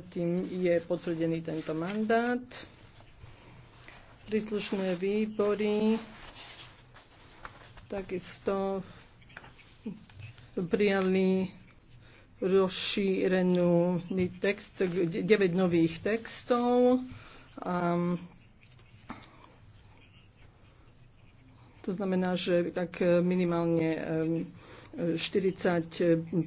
tým je potvrdený tento mandát. Príslušné výbory takisto prijali rozšírenú text, 9 nových textov. A to znamená, že tak minimálne 40 ehm,